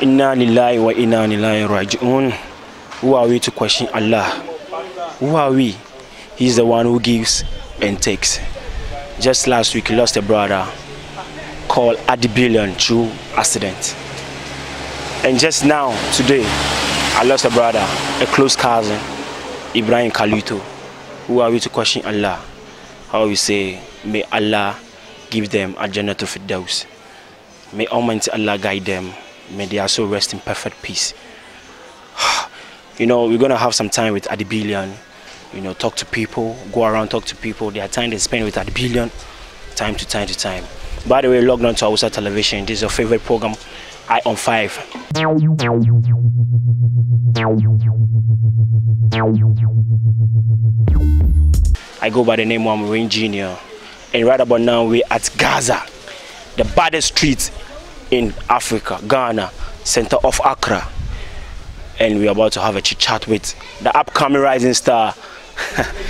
Inna lillahi wa inna lillahi raji'un. Who are we to question Allah? Who are we? He's the one who gives and takes. Just last week, lost a brother called Adibillion through accident. And just now, today, I lost a brother, a close cousin, Ibrahim Kaluto. Who are we to question Allah? How we say, may Allah give them a jannah of those. May Almighty Allah guide them. May they also rest in perfect peace. you know, we're going to have some time with Adibillion. You know, talk to people, go around, talk to people. There are time they spend with Adibillion, time to time to time. By the way, logged on to Awusa Television. This is your favorite program I on five. I go by the name of Marine Junior. And right about now we're at Gaza, the baddest street in Africa, Ghana, center of Accra. And we're about to have a chit chat with the upcoming rising star.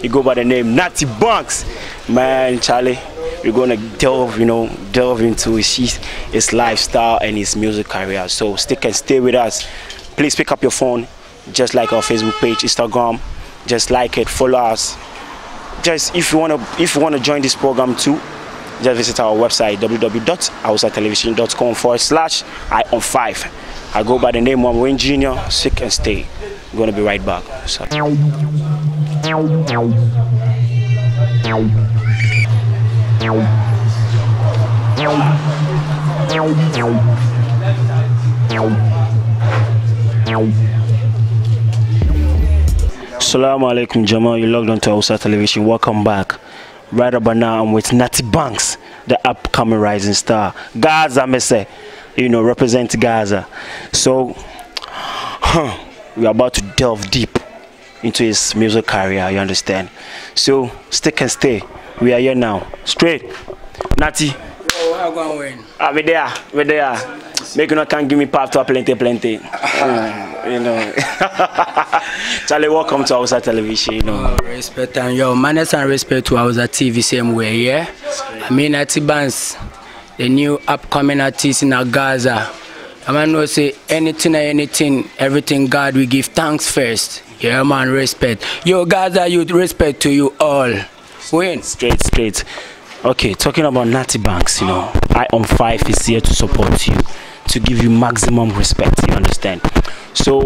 you go by the name Natty Banks. Man, Charlie we're going to delve, you know, delve into his, his lifestyle and his music career. So stick and stay with us. Please pick up your phone, just like our Facebook page, Instagram, just like it, follow us. Just if you want to, if you want to join this program too, just visit our website www.awsatelevision.com forward slash I on five. I go by the name of Wayne Jr. Sick and stay. I'm gonna be right back. So. Assalamu alaikum Jamal, you logged on to Television. Welcome back. Right about now, I'm with Natty Banks, the upcoming rising star. Gaza, say, you know, represent Gaza. So, huh, we're about to delve deep into his music career, you understand? So, stick and stay we are here now. Straight. Natty. Yo, how going win? Ah, we there. We there. Make you not can give me pop to a plenty, plenty. mm, you know. Charlie, welcome to Hausa Television. You know. Oh, respect and yo, manners and respect to Hausa TV same way, yeah. I mean, Natty Bands, the new upcoming artist in Gaza. I man know say anything or anything, everything God we give thanks first. Yeah man, respect. Yo Gaza you respect to you all. When? Straight, straight. Okay, talking about Natty Banks, you know, I on 5 is here to support you, to give you maximum respect, you understand? So,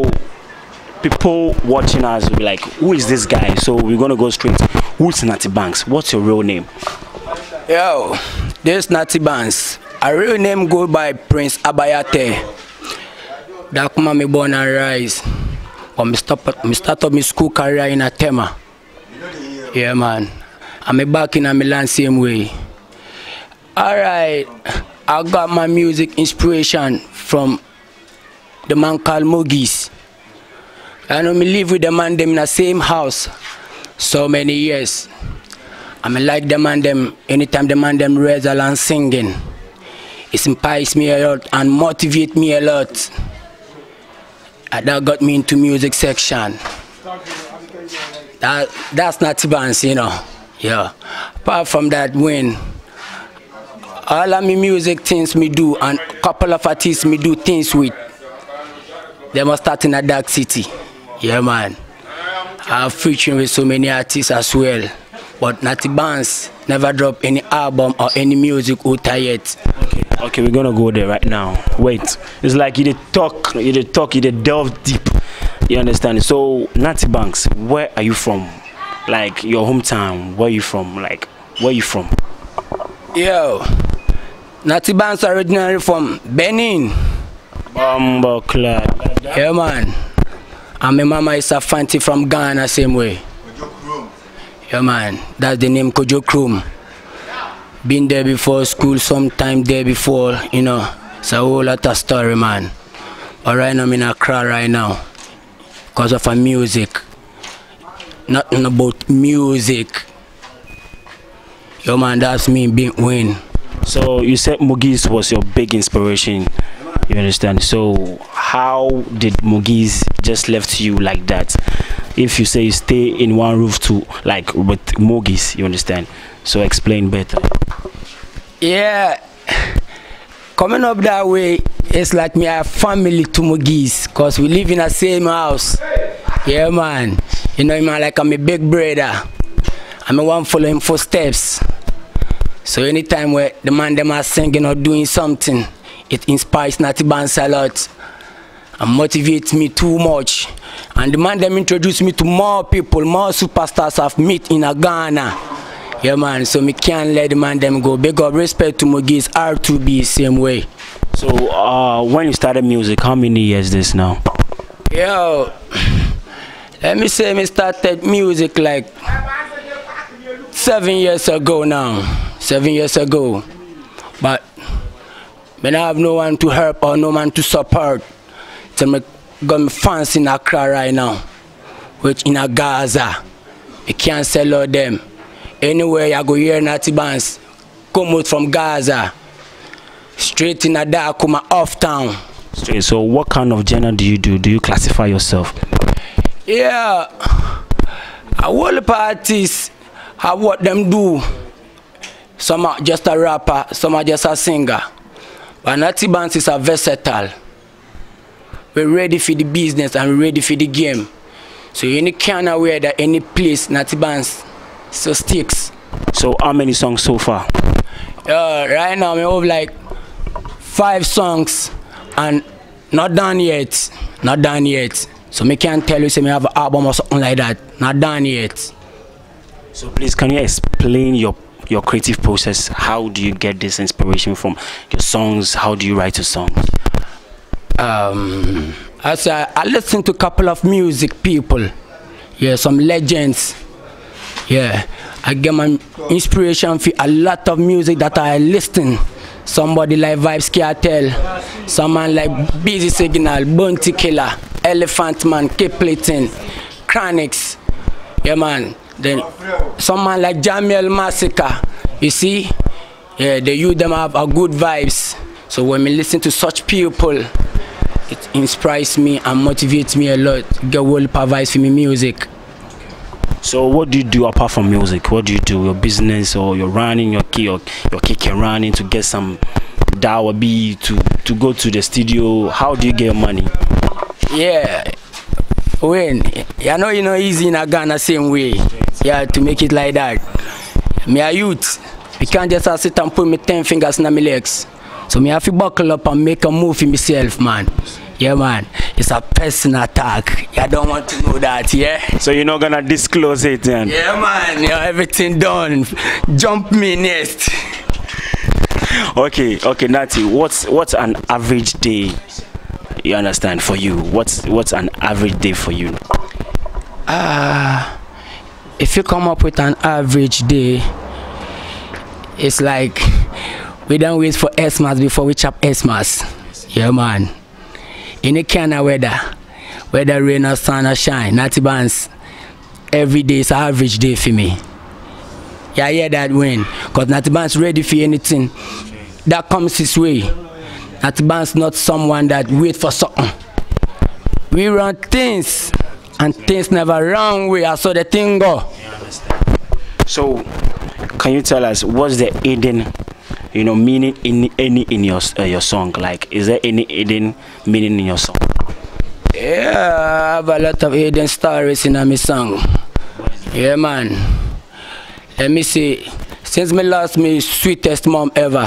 people watching us will be like, who is this guy? So, we're gonna go straight. Who's Natty Banks? What's your real name? Yo, this Natty Banks. A real name go by Prince Abayate. Dakuma me born and rise. But me start, me start up my school career in Atema. Yeah, man. I'm back in Milan same way. Alright, I got my music inspiration from the man called Mogis. I know me live with the man them in the same house so many years. I mean like the man them anytime the man them raise land singing. It inspires me a lot and motivate me a lot. And that got me into music section. That that's not Tibans, you know. Yeah. Apart from that, when all of my music things me do and couple of artists me do things with, they must start in a dark city. Yeah, man. I've featured with so many artists as well. But Natty Banks never drop any album or any music out yet. Okay. okay, we're gonna go there right now. Wait, it's like you did talk, you did talk, you did delve deep. You understand? So, Natty Banks, where are you from? like your hometown, where you from, like where you from? Yo, Natibans originally from Benin. Bumble Club. Yeah man. And my mama is a fancy from Ghana same way. Yeah man, that's the name Kojo Krum. Been there before school, sometime there before, you know. It's a whole lot of story man. But right now I'm in Accra right now. Because of her music nothing about music. your man, that's me being win. So you said Mogis was your big inspiration. You understand? So how did Mogis just left you like that? If you say stay in one roof to like with Mogis, you understand? So explain better. Yeah. Coming up that way, it's like me a family to Mogis, cause we live in the same house. Yeah man. You know him like I'm a big brother. I'm a one following footsteps. So anytime where the man them are singing or doing something, it inspires Natty Banks a lot and motivates me too much. And the man them introduced me to more people, more superstars I've met in Ghana. Yeah man, so me can't let the man them go. Big up respect to Mugis R2B same way. So uh, when you started music, how many years this now? Yo and me say me started music like seven years ago now. Seven years ago. But when I have no one to help or no one to support, so me got me fans in Accra right now, which in a Gaza. I can't sell all them. Anywhere I go hear Natty bands, come out from Gaza, straight in Adakuma, off town. So what kind of genre do you do? Do you classify yourself? Yeah, all parties have what them do. Some are just a rapper, some are just a singer. But Natty Bans is a versatile. We're ready for the business and we're ready for the game. So any kind of that any place, Natty Bans so sticks. So how many songs so far? Uh, right now, we have like five songs and not done yet. Not done yet. So me can't tell you say me have an album or something like that. Not done yet. So please can you explain your your creative process? How do you get this inspiration from your songs? How do you write your songs? Um as I, I listen to a couple of music people. Yeah, some legends. Yeah. I get my inspiration for a lot of music that I listen. Somebody like Vibes Cartel, someone like Busy Signal, Bounty Killer. Elephant Man, Kipling, Chronics, yeah man. Then someone like Jamiel Massacre, you see, yeah, the youth them have a good vibes. So when we listen to such people, it inspires me and motivates me a lot. Get world provides for me music. So what do you do apart from music? What do you do? Your business or you're running your key or your kick running to get some dawa be to to go to the studio? How do you get money? Yeah. When you know you know easy in a Ghana same way. Yeah, to make it like that. Me a youth. We can't just uh, sit and put me ten fingers in my legs. So me have to buckle up and make a move in myself, man. Yeah, man. It's a personal attack. I don't want to know that, yeah? So you're not gonna disclose it then? Yeah, man. You know, everything done. Jump me next. okay, okay, Nati. What's what's an average day you understand for you what's what's an average day for you ah uh, if you come up with an average day it's like we don't wait for Xmas before we chop Xmas yeah man any kind of weather whether rain or sun or shine natty bands every day is an average day for me yeah i hear that win because natty bands ready for anything that comes his way Advance not someone that wait for something. We run things and things never run way. I saw the thing go. So can you tell us what's the Eden you know meaning in any in your uh, your song like is there any Eden meaning in your song? Yeah, I have a lot of Eden stories in my song. Yeah man. Let me see. Since me lost me sweetest mom ever.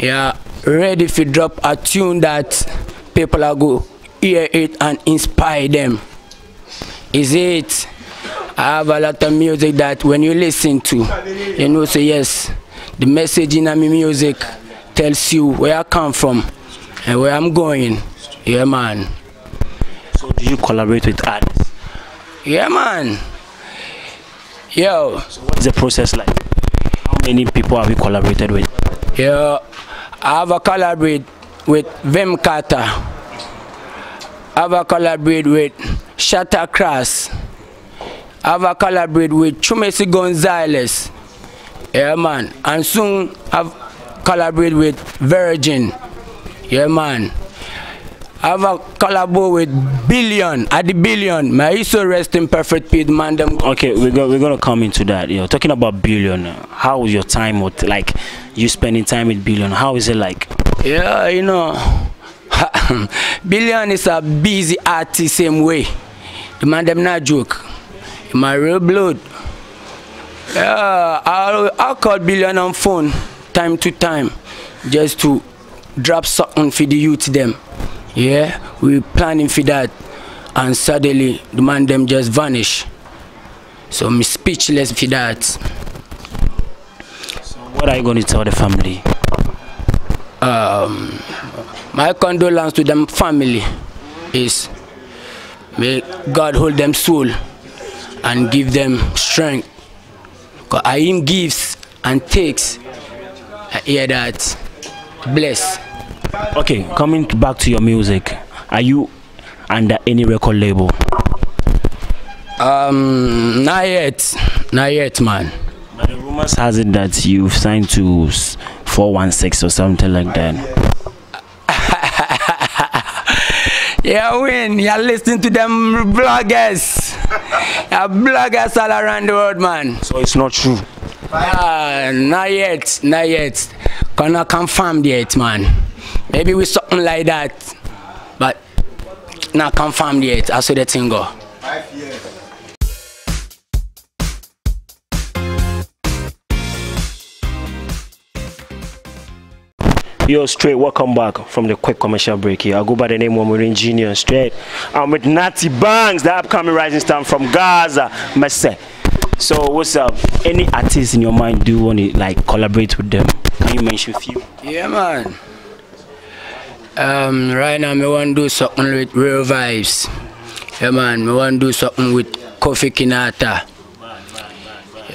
Yeah, ready to drop a tune that people are go hear it and inspire them. Is it? I have a lot of music that when you listen to, you know, say yes, the message in my music tells you where I come from and where I'm going. Yeah, man. So do you collaborate with artists? Yeah, man. Yo. So what's the process like? How many people have you collaborated with? Yeah, I have a color with, with Vim Carter. I have a breed with Shatter Cross. I have a breed with Chumesi Gonzalez. Yeah, man. And soon I've breed with Virgin. Yeah, man. I've a collabo with Billion, at the Billion. May I so rest in perfect peace, man. Them. Okay, we're gonna we're gonna come into that. You know, talking about Billion. How was your time with like you spending time with Billion? How is it like? Yeah, you know, Billion is a busy artist same way. The man them not joke. My real blood. Yeah, I'll I'll call Billion on phone time to time just to drop something for the youth them yeah we planning for that and suddenly the man them just vanish so i'm speechless for that so what are you going to tell the family um my condolence to them family is may god hold them soul and give them strength because i him gives and takes i hear that bless okay coming back to your music are you under any record label um not yet not yet man but the rumors has it that you've signed to 416 or something like that yeah win you're listening to them bloggers yeah, bloggers all around the world man so it's not true uh, not yet not yet cannot confirm yet man Maybe we something like that. But not confirmed yet. I see the thing go. Five years. Yo, straight, welcome back from the quick commercial break here. I go by the name of Marine Junior Straight. I'm with Natty Banks, the upcoming rising star from Gaza, Messe. So, what's up? Any artists in your mind do you want to like collaborate with them? Can you mention a few? Yeah, man. Um, right now, I want to do something with Real Vibes. Yeah, man, I want to do something with Kofi Kinata.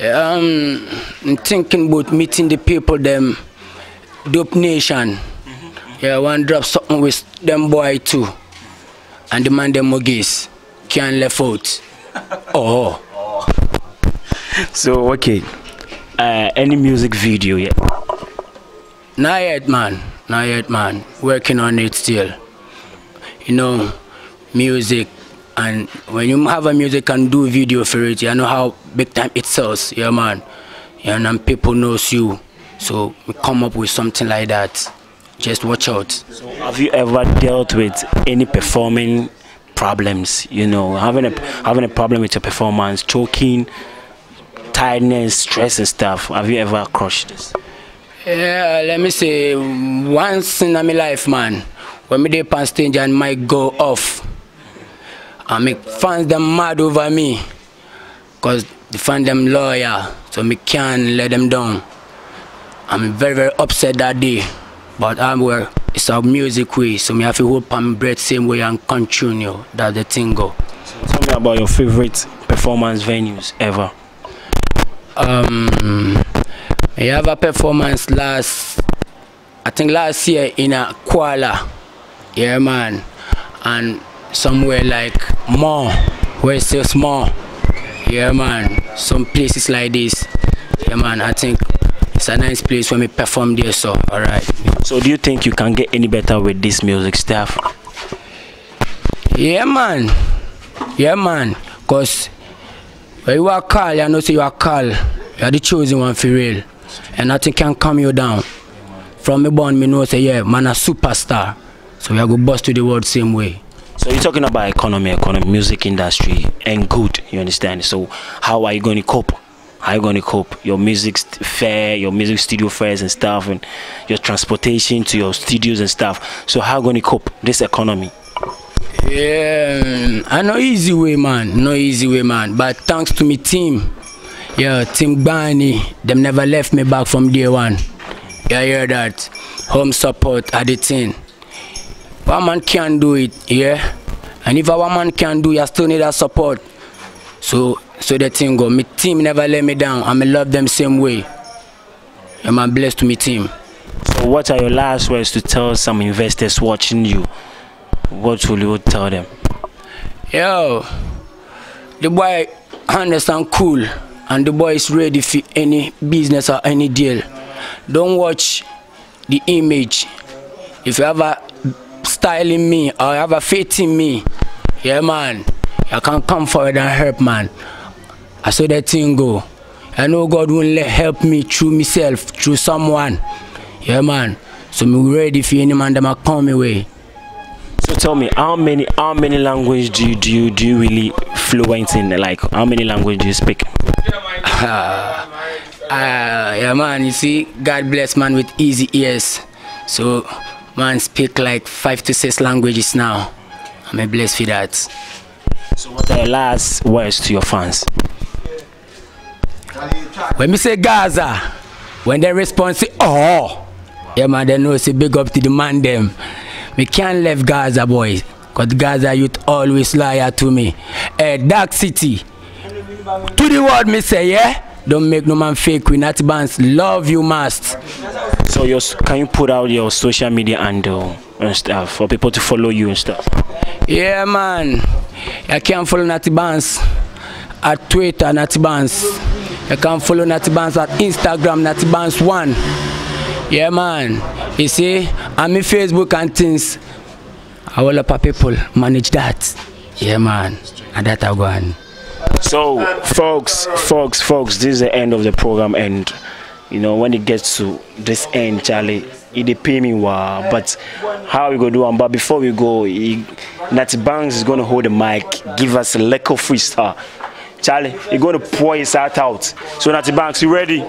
Um, I'm thinking about meeting the people, them, Dope Nation. Yeah, I want to drop something with them boy too. And the man, them muggies can left out. Oh. So, okay. Uh, any music video yet? Not yet, man. Not yet, man. Working on it still. You know, music and when you have a music and do video for it, you know how big time it sells, yeah man. Yeah, and people knows you. So we come up with something like that. Just watch out. So have you ever dealt with any performing problems, you know, having a having a problem with your performance, choking, tiredness, stress and stuff. Have you ever crushed this? Yeah, let me say, once in my life, man, when me dey pan stage and mic go off, I make fans them mad over me, cause the fans them loyal, so me can't let them down. I'm very very upset that day, but I'm well. It's our music way, so me have to hold my breath same way and continue that the thing go. So tell me about your favorite performance venues ever. Um, I have a performance last, I think last year in a Kuala, yeah man, and somewhere like more, where it's still small, yeah man, some places like this, yeah man, I think it's a nice place when we perform there, so alright. So do you think you can get any better with this music stuff? Yeah man, yeah man, cause when you are called, you know say you are called, you are the chosen one for real and nothing can calm you down. From me born, me know say, yeah, man a superstar. So we are go bust to the world same way. So you're talking about economy, economy, music industry, and good, you understand? So how are you going to cope? How are you going to cope? Your music fair, your music studio fares and stuff, and your transportation to your studios and stuff. So how are you going to cope this economy? Yeah, I know easy way, man. No easy way, man. But thanks to me team, Yo, Tim Barney, them never left me back from day one. You hear that? Home support are the thing. One man can do it, yeah? And if a woman can do, you still need that support. So, so the thing go. My team never let me down. I'm love them same way. And I'm blessed to my team. So what are your last words to tell some investors watching you? What will you tell them? Yo, the boy understand cool. and the boy is ready for any business or any deal. Don't watch the image. If you have a style in me or you have a faith in me, yeah man, you can come forward and help man. I saw that thing go. I know God will let help me through myself, through someone. Yeah man. So me ready for any man that might come my way. So tell me, how many how many languages do you do you, do you really fluent in like how many languages you speak? Uh, uh, yeah, man. You see, God bless man with easy ears. So, man, speak like five to six languages now. I'm a blessed for that. So, what are the last words to your fans? When we say Gaza, when they respond, say, oh, yeah, man, they know, say big up to the man, them. We can't leave Gaza, boys. Cause Gaza youth always liar to me. A eh, dark city. To the world me say yeah. Don't make no man fake. We not bands. Love you must. So your can you put out your social media handle and stuff for people to follow you and stuff? Yeah man. I can follow Natty Bands at Twitter Natty Bands. You can follow Natty Bands at Instagram Natty Bands One. Yeah man. You see, I'm in Facebook and things. Awolopa people manage that. Yeah, man. And that I gone. So, folks, folks, folks, this is the end of the program, and you know when it gets to this end, Charlie, it pay me wow. But how we gonna do one? But before we go, Natty Banks is gonna hold the mic, give us a little freestyle. Charlie, you're gonna pour his heart out. So Natty Banks, you ready?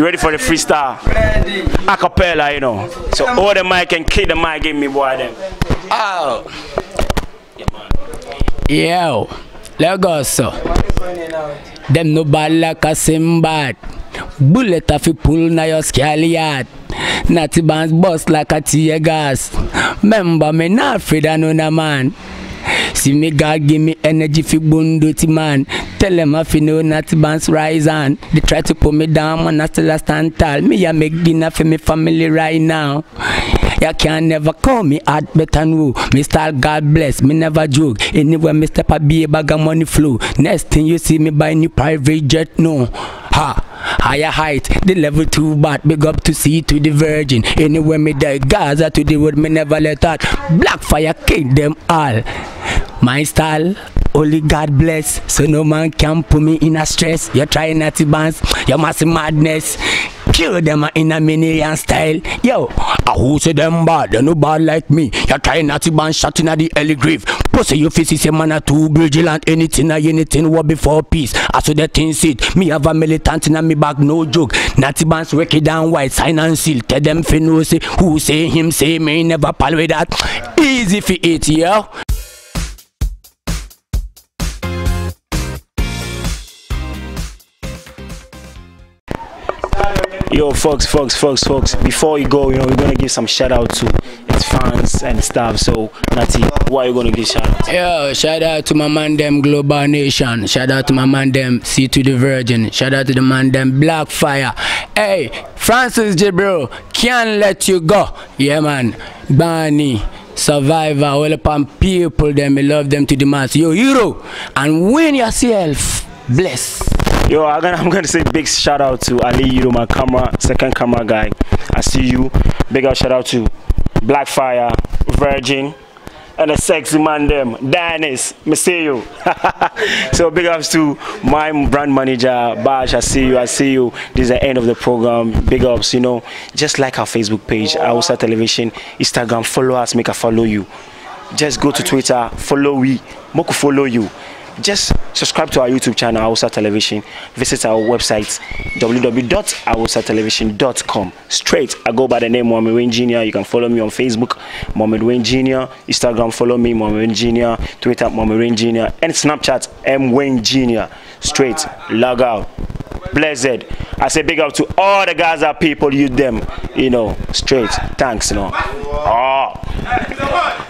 You ready for the freestyle? Ready. Acapella, you know. So hold the mic and kill the mic. in me boy them. Oh. Yo, Lagos. Them no bad like a Simbad. Bullet off you pull na your scalliard. Natty bands bust like a tear gas. Member me not afraid of no man. Simiga give me energy fi bundoti man. Tell them if you know not bounce rise on. They try to put me down, man, I still stand tall. Me I make dinner for me family right now. You can never call me at better woo. Me God bless, me never joke. Anywhere me step, I be a bag of money flow. Next thing you see me buy new private jet, no. Ha! Higher height, the level too bad. Big up to see to the virgin. Anywhere me die, Gaza to the world, me never let out. Black fire, kill them all. My style, only God bless, so no man can put me in a stress. You're trying not to bounce, you're massive madness. Kill them in a million style. Yo, I who say them bad, they no bad like me. You're trying not to bounce, shot in the early grave. Pussy, you face is a man at two vigilant. Anything or anything war before peace. I saw the thing sit. Me have a militant in me back, no joke. Natty bands wicked and white, sign and seal. Tell them fin who say, who say him, say me, never pal with that. Easy for it, yo. Yo, folks, folks, folks, folks. Before you go, you know, we're gonna give some shout out to his fans and stuff. So, Nati, why are you gonna give shout out? To? Yo, shout out to my man them Global Nation. Shout out to my man them See to the Virgin. Shout out to the man them Fire. Hey, Francis J. Bro, can't let you go. Yeah, man. Barney. Survivor, all upon people, them, love them to the mass. Yo, hero, and win yourself. Bless. Yo, I'm gonna, I'm gonna say big shout out to Ali Yuru, my camera, second camera guy. I see you. Big shout out to Blackfire, Virgin, and the sexy man them, Dennis, I see you. so big ups to my brand manager, Bash, I see you, I see you. This is the end of the program. Big ups, you know, just like our Facebook page, Awusa Television, Instagram, follow us, make a follow you. Just go to Twitter, follow we, Moku follow you just subscribe to our YouTube channel, Awusa Television. Visit our website, www.awusatelevision.com. Straight, I go by the name Mohamed Wayne Jr. You can follow me on Facebook, Mohamed Wayne Jr. Instagram, follow me, Mohamed Wayne Jr. Twitter, Mohamed Wayne Jr. And Snapchat, M Wayne Jr. Straight, log out. Blessed. I say big up to all the Gaza people, you them, you know, straight. Thanks, you know. Oh.